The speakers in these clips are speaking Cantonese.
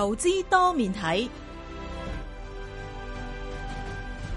投資多面睇，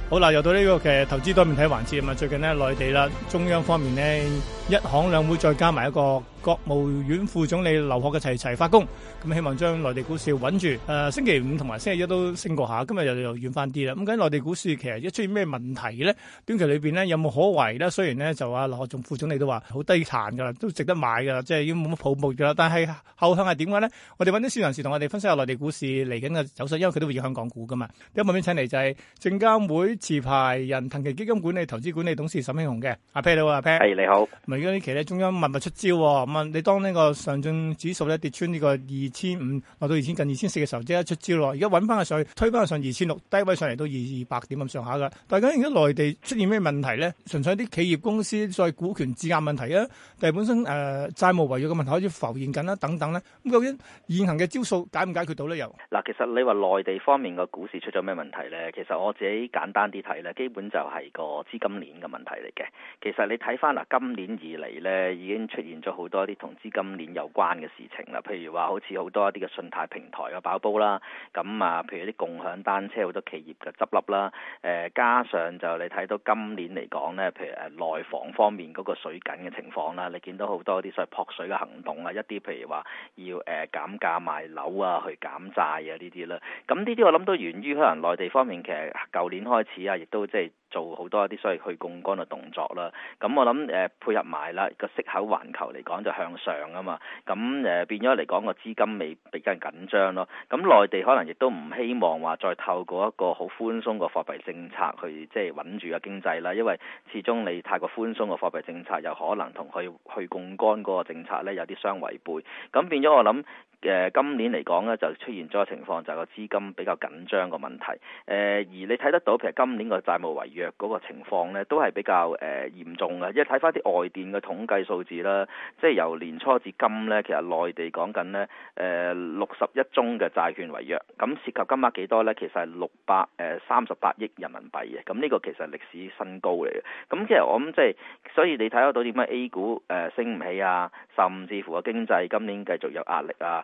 好啦，又到呢個嘅投資多面睇環節啊。最近咧，內地啦，中央方面咧，一行兩會再加埋一個。國務院副總理劉鶴嘅齊齊發功，咁希望將內地股市穩住。誒、呃，星期五同埋星期一都升過下，今日又又軟翻啲啦。咁緊內地股市其實一出現咩問題咧？短期裏邊咧有冇可為咧？雖然咧就啊劉鶴總副總理都話好低淡低殘噶啦，都值得買噶啦，即係已經冇乜泡沫噶啦。但係後向係點樣咧？我哋揾啲市場人士同我哋分析下內地股市嚟緊嘅走勢，因為佢都會影響港股噶嘛。第一部分請嚟就係證監會持牌人騰祺基金管理投資管理董事沈慶洪嘅。阿、啊、p,、啊、p e、hey, t 你好。咪嗰啲其實中央密密出招喎。你當呢個上證指數咧跌穿呢個二千五，落到二千近二千四嘅時候，即刻出招咯。而家揾翻上去，推翻上二千六，低位上嚟到二二百點咁上下嘅。大家而家內地出現咩問題咧？純粹啲企業公司所謂股權質押問題啊，但係本身誒、呃、債務違約嘅問題開始浮現緊、啊、啦？等等咧、啊，咁究竟現行嘅招數解唔解決到咧？又嗱，其實你話內地方面嘅股市出咗咩問題咧？其實我自己簡單啲睇咧，基本就係個資金鏈嘅問題嚟嘅。其實你睇翻嗱，今年以嚟咧已經出現咗好多。嗰啲同資金鏈有關嘅事情啦，譬如話好似好多一啲嘅信貸平台嘅爆煲啦，咁啊，譬如啲共享單車好多企業嘅執笠啦，誒、呃，加上就你睇到今年嚟講咧，譬如誒內房方面嗰個水緊嘅情況啦，你見到好多啲所謂撲水嘅行動啦，一啲譬如話要誒減價賣樓啊，去減債啊呢啲啦，咁呢啲我諗都源於可能內地方面其實舊年開始啊，亦都即係。做好多一啲所謂去槓桿嘅動作啦，咁我諗誒、呃、配合埋啦，個息口環球嚟講就向上啊嘛，咁誒、呃、變咗嚟講個資金未比較緊張咯，咁內地可能亦都唔希望話再透過一個好寬鬆嘅貨幣政策去即係穩住個經濟啦，因為始終你太過寬鬆嘅貨幣政策又可能同去去槓桿嗰個政策咧有啲相違背，咁變咗我諗。誒今年嚟講咧，就出現咗情況，就係、是、個資金比較緊張個問題。誒、呃、而你睇得到，其實今年個債務違約嗰個情況咧，都係比較誒、呃、嚴重嘅。因為睇翻啲外電嘅統計數字啦，即係由年初至今咧，其實內地講緊咧誒六十一宗嘅債券違約，咁涉及金額幾多咧？其實係六百誒三十八億人民幣嘅。咁呢個其實歷史新高嚟嘅。咁其實我諗即係，所以你睇得到點解 A 股誒、呃、升唔起啊？甚至乎個經濟今年繼續有壓力啊？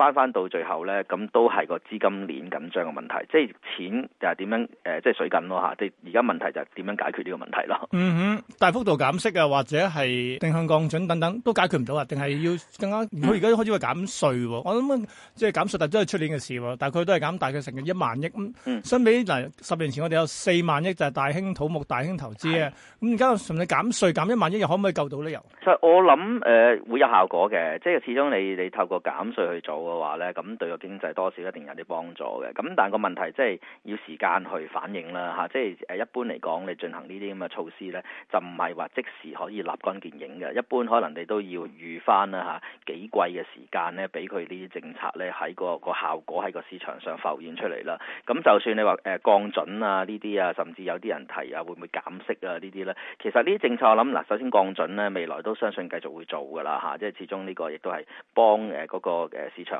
翻翻到最後咧，咁都係個資金鏈緊張嘅問題，即係錢就係點樣？誒，即係水緊咯嚇。而家問題就係點樣解決呢個問題咯？嗯哼，大幅度減息啊，或者係定向降準等等，都解決唔到啊。定係要更加？佢而家開始會減稅喎。我諗即係減稅，但都係出年嘅事喎。大概都係減大約成個一萬億咁。嗯，相比嗱十年前，我哋有四萬億就係大興土木、大興投資啊。咁而家甚至減稅減一萬億，又可唔可以救到咧？又？其實我諗誒會有效果嘅，即係始終你你透過減稅去做。嘅話咧，咁對個經濟多少一定有啲幫助嘅。咁但係個問題即係要時間去反映啦，嚇、啊，即係誒一般嚟講，你進行呢啲咁嘅措施咧，就唔係話即時可以立竿見影嘅。一般可能你都要預翻啦，嚇、啊、幾季嘅時間咧，俾佢呢啲政策咧喺個個效果喺個市場上浮現出嚟啦。咁、啊嗯、就算你話誒、呃、降準啊呢啲啊，甚至有啲人提啊會唔會減息啊呢啲咧，其實呢啲政策我諗嗱，首先降準咧未來都相信繼續會做㗎啦，嚇、啊，即、就、係、是、始終呢個亦都係幫誒嗰、啊那個市場。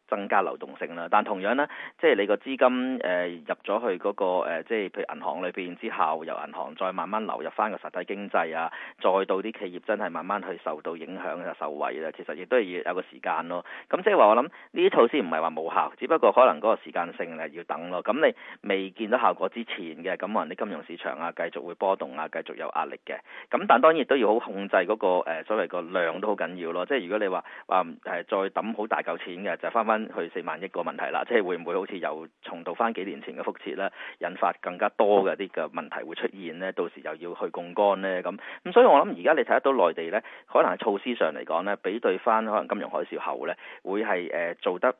增加流動性啦，但同樣咧，即係你個資金誒、呃、入咗去嗰、嗰個誒、呃，即係譬如銀行裏邊之後由銀行再慢慢流入翻個實體經濟啊，再到啲企業真係慢慢去受到影響啊，受惠啦、啊，其實亦都係要有個時間咯。咁、嗯、即係話我諗呢啲措施唔係話冇效，只不過可能嗰個時間性係要等咯。咁、嗯、你未見到效果之前嘅，咁可能啲金融市場啊繼續會波動啊，繼續有壓力嘅。咁、嗯、但當當然都要好控制嗰、嗰個誒、呃、所謂個量都好緊要咯。即係如果你話話誒再抌好大嚿錢嘅，就是、翻翻。去四萬億個問題啦，即係會唔會好似又重蹈翻幾年前嘅覆轍咧？引發更加多嘅啲嘅問題會出現咧，到時又要去槓桿咧咁。咁所以我諗而家你睇得到內地咧，可能係措施上嚟講咧，比對翻可能金融海嘯後咧，會係誒、呃、做得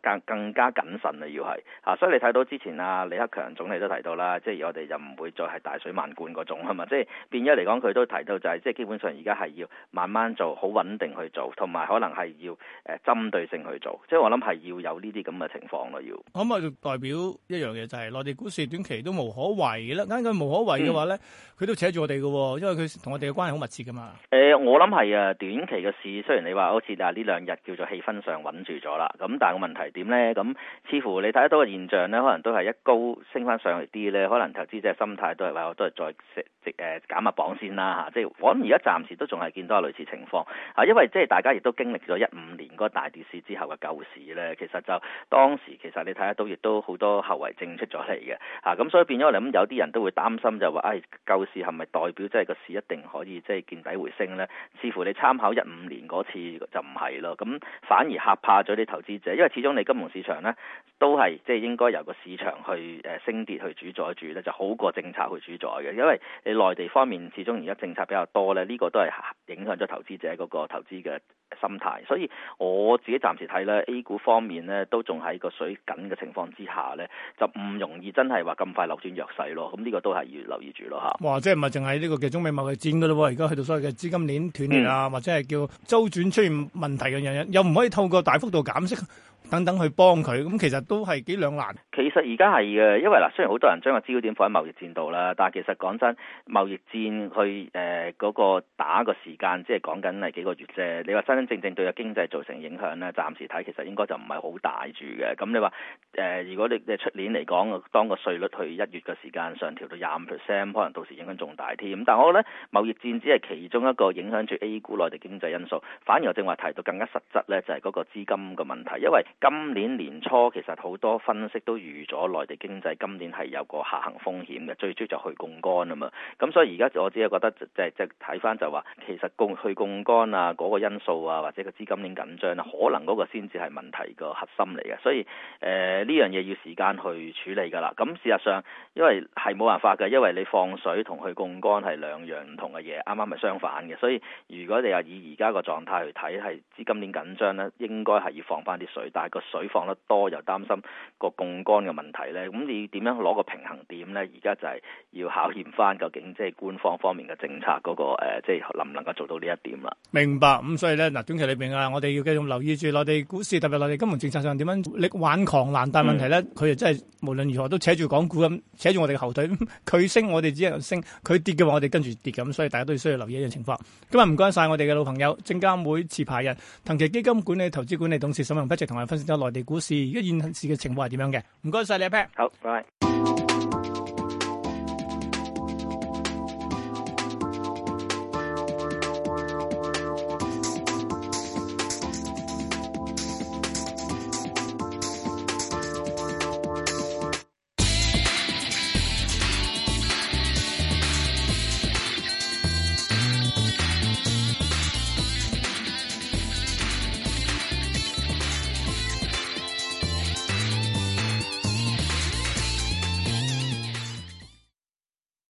更更加謹慎啊，要係啊，所以你睇到之前啊李克強總理都提到啦，即係我哋就唔會再係大水漫灌嗰種啊嘛，即係變咗嚟講佢都提到就係、是、即係基本上而家係要慢慢做好穩定去做，同埋可能係要誒呃、針對性去做，即係我諗。咁係要有呢啲咁嘅情況咯，要咁咪代表一樣嘢就係、是、內地股市短期都無可為啦。啱啱無可為嘅話咧，佢、嗯、都扯住我哋嘅，因為佢同我哋嘅關係好密切噶嘛。誒，我諗係啊，短期嘅事，雖然你話好似但係呢兩日叫做氣氛上穩住咗啦，咁但係個問題點咧？咁似乎你睇得到嘅現象咧，可能都係一高升翻上嚟啲咧，可能投資者嘅心態都係話，我都係再食食誒減下磅先啦嚇、啊。即係我諗而家暫時都仲係見到係類似情況嚇、啊，因為即係大家亦都經歷咗一五年嗰個大跌市之後嘅舊市。咧，其實就當時其實你睇得到，亦都好多後遺症出咗嚟嘅，嚇、啊、咁所以變咗我諗有啲人都會擔心就，就話唉，救市係咪代表即係個市一定可以即係、就是、見底回升呢？視乎你參考一五年嗰次就唔係咯，咁反而嚇怕咗啲投資者，因為始終你金融市場呢都係即係應該由個市場去誒升跌去主宰住咧，就好過政策去主宰嘅，因為你內地方面始終而家政策比較多咧，呢、呢個都係影響咗投資者嗰個投資嘅。心態，所以我自己暫時睇咧，A 股方面咧都仲喺個水緊嘅情況之下咧，就唔容易真係話咁快扭轉弱勢咯。咁、這、呢個都係要留意住咯嚇。哇！即係唔係淨係呢個嘅中美貿易戰嘅咯喎？而家去到所謂嘅資金鏈斷裂啊，嗯、或者係叫周轉出現問題嘅人樣樣，又唔可以透過大幅度減息。等等去幫佢，咁其實都係幾兩難。其實而家係嘅，因為嗱，雖然好多人將個焦點放喺貿易戰度啦，但係其實講真，貿易戰去誒嗰個打個時間，即係講緊係幾個月啫。你話真真正正對個經濟造成影響咧，暫時睇其實應該就唔係好大住嘅。咁你話誒，如果你即係出年嚟講，當個稅率去一月嘅時間上調到廿五 percent，可能到時影響仲大啲。咁但係我覺得貿易戰只係其中一個影響住 A 股內地經濟因素，反而我正話提到更加實質咧，就係嗰個資金嘅問題，因為。今年年初其實好多分析都預咗內地經濟今年係有個下行風險嘅，最主要就去槓桿啊嘛。咁所以而家我只係覺得，即係即係睇翻就話，其實供去槓桿啊嗰個因素啊，或者個資金鏈緊張啊，可能嗰個先至係問題個核心嚟嘅。所以誒，呢樣嘢要時間去處理㗎啦。咁事實上，因為係冇辦法㗎，因為你放水同去槓桿係兩樣唔同嘅嘢，啱啱係相反嘅。所以如果你話以而家個狀態去睇，係資金鏈緊張咧，應該係要放翻啲水，但個水放得多又擔心個槓桿嘅問題咧，咁你要點樣攞個平衡點咧？而家就係要考驗翻究竟即係官方方面嘅政策嗰，那個誒、呃，即係能唔能夠做到呢一點啦？明白咁，嗯，所以咧嗱，短期裏邊啊，我哋要繼續留意住內地股市，特別內地金融政策上點樣力挽狂瀾。但係問題咧，佢又真係無論如何都扯住港股，咁扯住我哋嘅後腿，佢升我哋只能升，佢跌嘅話我哋跟住跌咁，所以大家都要需要留意呢樣情況。今日唔該晒我哋嘅老朋友，證監會持牌人，騰祺基金管理投資管理董事沈文畢直同我內地股市，而家現時嘅情況係點樣嘅？唔該晒你阿 Pat。好，拜拜。